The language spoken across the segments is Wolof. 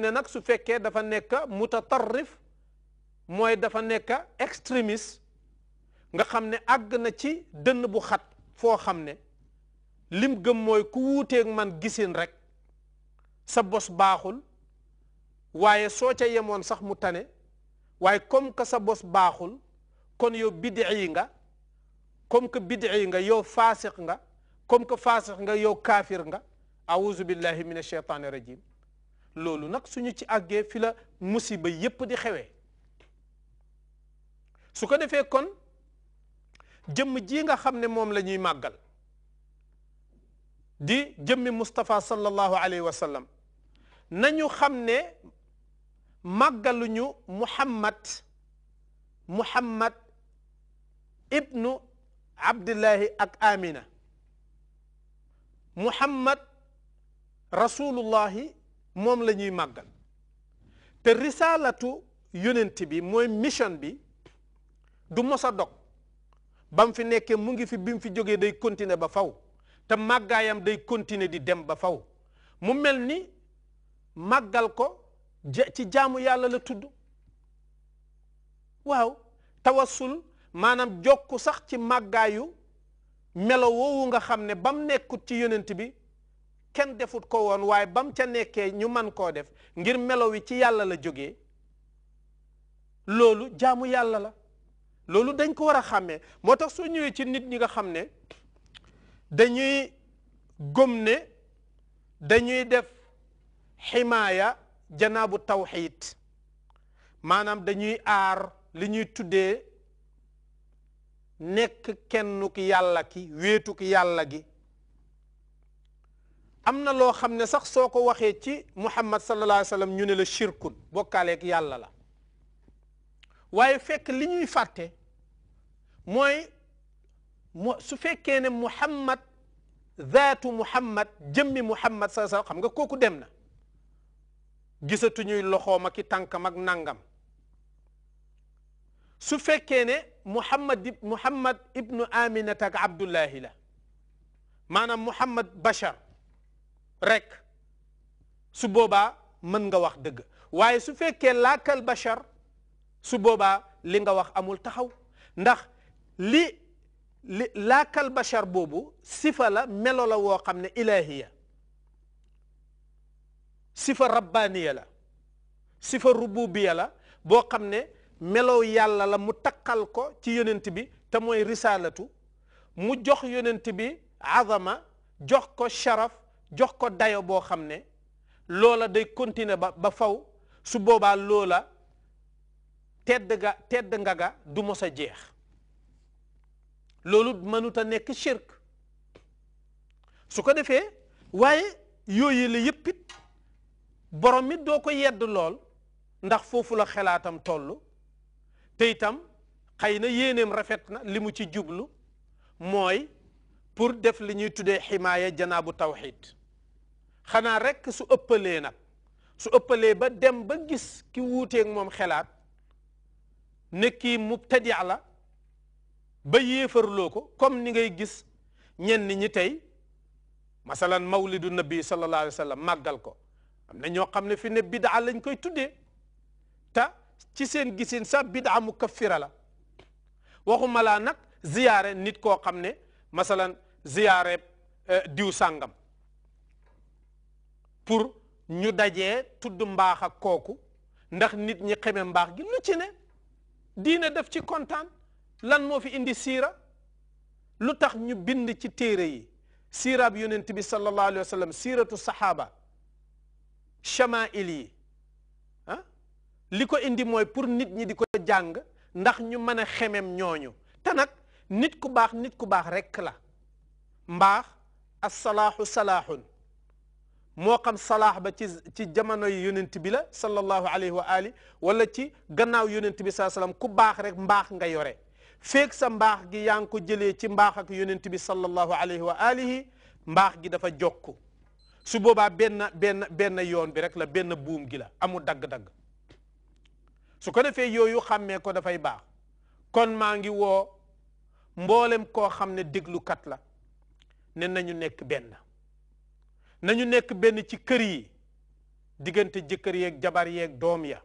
rawatina nag su fekkee dafa nekk mutatarrif mooy dafa nekk extrémiste nga xam ne àgg na ci dënn bu xat foo xam ne lim gëm mooy ku wuuteeg man gisin rek sa bos baaxul waaye soo ca yemoon sax mu tane waaye comme que sa bos baaxul kon yow bid'i nga comme que bid'i nga yow faasiq nga comme que faasiq nga yow kaafir nga a'uzu billahi min ash-shaytaani rajim loolu nag suñu ci àggee fila la musiba yépp di xewee su ko defee kon jëmm ji nga xam ne moom lañuy ñuy màggal di jëmmi Moustapha sallallahu alayhi wa sallam nañu xam ne màggaluñu Muhammad Muhammad ibnu Abdillahi ak Amina Muhammad rasulullahi moom lañuy ñuy màggal te risalatu yonent bi mooy mission bi du mos a dog ba mu fi nekkee mu ngi fi bi mu fi jógee day continuer ba faw te màggaayam day continuer di dem ba faw mu mel ni màggal ko ci jaamu yàlla la tudd waaw tawassul maanaam jokku sax ci màggaayu melow woowu nga xam ne ba mu nekkut ci yonent bi kenn defut ko woon waaye ba mu ca nekkee ñu man koo def ngir melo wi ci yàlla la jóge loolu jaamu yàlla la loolu dañ ko war a xàmmee moo tax soo ñëwee ci nit ñi nga xam ne dañuy gëm ne dañuy def ximaaya janaabu tawxiid maanaam dañuy aar li ñuy tuddee nekk kenn ki yàlla ki wéetu ki yàlla gi am na loo xam ne sax soo ko waxee ci muhammad sallallahu alayhi wa sallam ñu ne la shirkun bokkaaleeg yàlla la waaye fekk li ñuy fàtte mooy su fekkee ne muhammad zaatu muhammad jëmmi muhammad sallallahu alayhi wa sallam xam nga kooku dem na gisatuñuy loxoom ak i tànkam ak nangam su fekkee ne muhammad muhammad ibnu aminata ak abdullahi la maanaam muhammad bachar rek su boobaa mën nga wax dëgg waaye su fekkee laakal bachar su boobaa li nga wax amul taxaw ndax li li laakal bachar boobu sifa la melo la woo xam ne ilahiya sifa rabbaniya la sifa rububiya la boo xam ne melow yàlla la mu takkal ko ci yonent bi te mooy risalatu mu jox yonent bi azama jox ko sharaf jox ko dayo boo xam ne loola day continuer ba ba faw su boobaa loola tedd ga tedd nga ga du mos a jeex loolu mënuta nekk shirk su ko defee waaye yooyu la yëpp it borom it doo ko yedd lool ndax foofu la xelaatam tollu te itam xëy na yéeneem rafet na li mu ci jublu mooy pour def li ñuy tuddee ximaaya janaabu tawxid xanaa rek su ëppalee nag su ëppalee ba dem ba gis ki wuuteeg moom xelaat ne kii mubtadi la ba yéefarloo ko comme ni ngay gis ñenn ñi tey masalan mawlidu nabi sallallahu alayhi wa sallam màggal ko am na ñoo xam ne fi ne bidaa lañ koy tuddee te ci seen gisin sa bidaa mu kaffira la waxu malaa nag ziyaare nit koo xam ne masalan ziyaare eh, diw sàngam pour ñu dajee tudd mbaax ak kooku ndax nit ñi xeme mbaax gi lu ci ne diina def ci kontaan lan moo fi indi siira lu tax ñu bind ci téere yi siiraab yonent bi sallallahu alayhi wa siiratu saxaaba chamail yi ah? li ko indi mooy pour nit ñi di ko jàng ndax ñu mën a xemem ñooñu te nag nit ku baax nit ku baax rekk la mbaax assalaaxu salaaxun moo xam salaax ba ci ci jamono yi yonent bi la sallallahu alayhi wa ali wala ci gannaaw yonent bi saa salaam ku baax rek mbaax nga yore feeg sa mbaax gi yaa ngi ko jëlee ci mbaax ak yonent bi sallallahu alayhi wa alihi mbaax gi dafa jokk su boobaa benn benn benn yoon bi rek la benn buum gi la amul dagg-dagg su ko defee yooyu xàmmee ko dafay baax kon maa ngi woo mboolem koo xam ne déglukat la ne nañu nekk benn nañu nekk benn ci kër yi diggante jëkkër yeeg jabar yeeg doom ya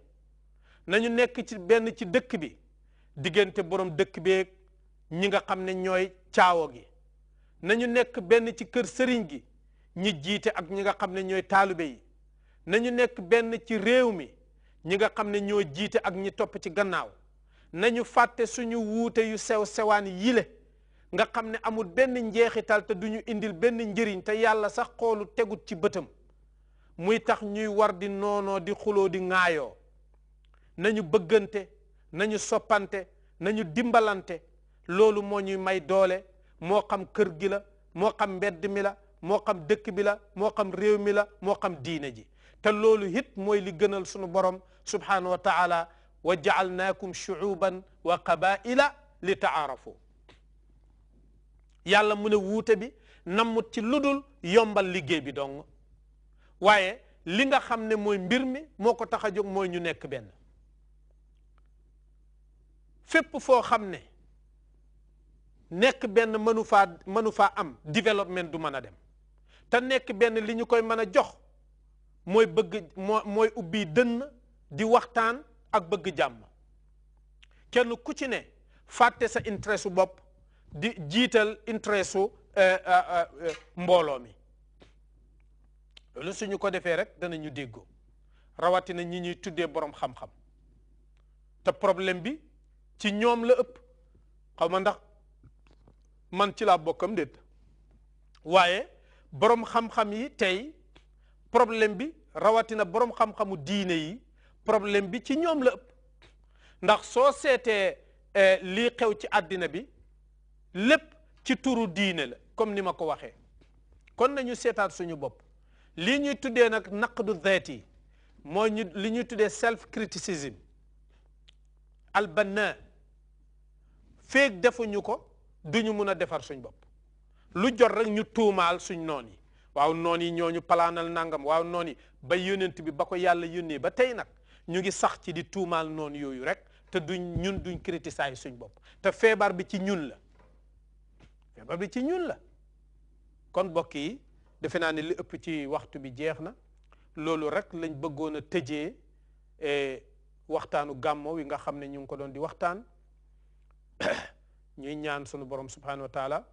nañu nekk ci benn ci dëkk bi diggante borom dëkk beeg ñi nga xam ne ñooy caawo gi nañu nekk benn ci kër sëriñ gi ñi jiite ak ñi nga xam ne ñooy taalibe yi nañu nekk benn ci réew mi ñi nga xam ne ñoo jiite ak ñi topp ci gannaaw nañu fàtte suñu wuute yu sew sewaan yile nga xam ne amul benn njeexital te duñu indil benn njëriñ te yàlla sax xoolu tegut ci bëtam muy tax ñuy war di noonoo di xuloo di ŋaayoo nañu bëggante nañu soppante nañu dimbalante loolu moo ñuy may doole moo xam kër gi la moo xam mbedd mi la moo xam dëkk bi la moo xam réew mi la moo xam diine ji te loolu it mooy li gënal sunu borom subhaanahu wa taala wa jaalnaakum shuuban wa qabaila li taarafu yàlla mu ne wuute bi nammut ci lu dul yombal liggéey bi dong waaye li nga xam ne mooy mbir mi moo ko tax a jóg mooy ñu nekk benn fépp foo xam ne nekk benn mënu faa mënu faa am développement du mën a dem te nekk benn li ñu koy mën a jox mooy bëgg moo mooy ubbi dënn di waxtaan ak bëgg jàmm kenn ku ci ne fàtte sa intérêt su bopp di jiital intérêt su eh, eh, eh, mbooloo mi loolu suñu ko defee rek danañu déggoo rawatina ñi ñuy tuddee borom xam-xam te problème bi ci ñoom la ëpp xaw ma ndax man ci laa bokkam déet waaye borom xam-xam yi tey problème bi rawatina borom xam-xamu diine yi problème bi ci ñoom la ëpp ndax soo seetee lii xew ci àddina bi lépp ci turu diine la comme ni ma ko waxee kon nañu seetaat suñu bopp lii ñuy tuddee nag naqdu zaati yi mooy ñu li ñuy tuddee self criticism albanna feek defuñu ko ñu mun a defar suñ bopp lu jot rek ñu tuumaal suñ noon yi waaw noon yi ñoo ñu palaanal nangam waaw noon yi ba yónent bi ba ko yàlla yónnee ba tey nag ñu ngi sax ci di tuumaal noon yooyu rek te duñ ñun duñ criticiser suñ bopp te feebar bi ci ñun la feebar bi ci ñun la kon mbokk yi defe naa ne li ëpp ci waxtu bi jeex na loolu rek lañ bëggoon a tëjee e, waxtaanu gàmmoo wi nga xam ne ñu ngi ko doon di waxtaan ñuy ñaan sunu borom subhanahu wa taala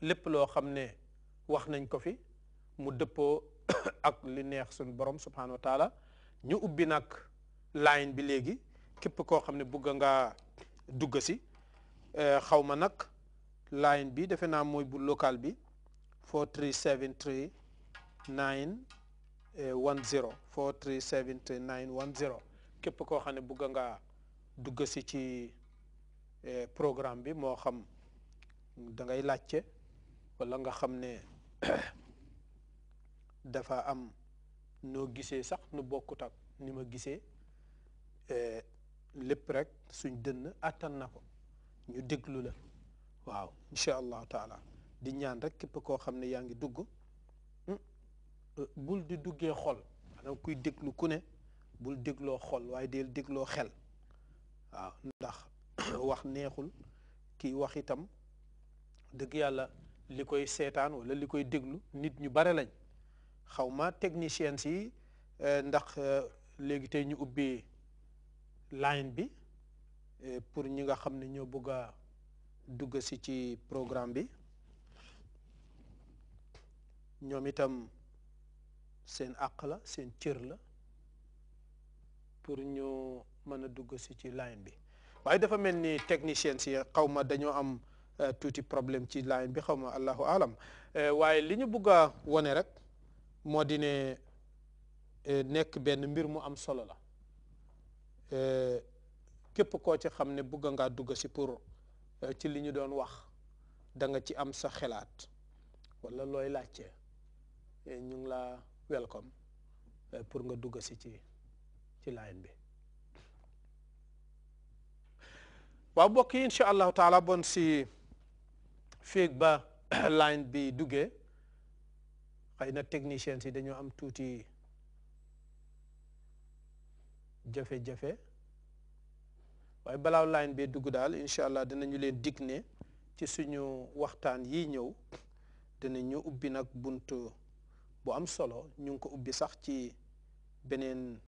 lépp loo xam ne wax nañ ko fi mu dëppoo ak li neex sunu borom subhanahu wa ñu ubbi nag line bi léegi képp koo xam ne bugg ngaa dugg si e, xaw ma nag line bi defe naa mooy bu local bi 43739 10 43739 10 képp koo xam ne bugg nga dugg si ci eh, programme bi moo xam dangay ngay laajte wala nga xam ne dafa am noo gisee sax nu bokkut ak ni ma gisee eh, lépp rek suñ dënn àttan na ko ñu déglu la waaw incha allah taala di ñaan rek képp koo xam ne yaa ngi dugg hmm, euh, bul di duggee xol maanaam kuy déglu ku ne bul dégloo xol waaye del dégloo xel waaw ndax wax neexul kii wax itam dëgg yàlla li koy seetaan wala li koy déglu nit ñu bare lañ xaw ma techniciens yi euh, ndax euh, léegi tey ñu ubbi line bi pour ñi nga xam ne ñoo bëgg dugg si ci programme bi ñoom itam seen àq la seen cër la pour ñu mën a dugg si ci line bi waaye dafa mel ni technicien si xaw ma dañoo am euh, tuuti problème ci line bi xaw ma allahu alam euh, waaye li ñu bugg a wone rek moo di ne euh, nekk benn mbir mu am solo la képp koo ci xam ne bugg ngaa dugg si pour Euh, ci li ñu doon wax danga ci am sa xelaat walla looy laajte eh, ñu ngi laa welcome eh, pour nga dugg si ci ci line bi waa mbokk yi incha allahu taala bon si féeg ba line bi duggee xëy na techniciens yi dañoo am tuuti jafe-jafe waaye balaw line bee dugg daal incha allah dinañu leen dig ne ci suñu waxtaan yi ñëw dina dinañu ubbi nag bunt bu am solo ñu ngi ko ubbi sax ci beneen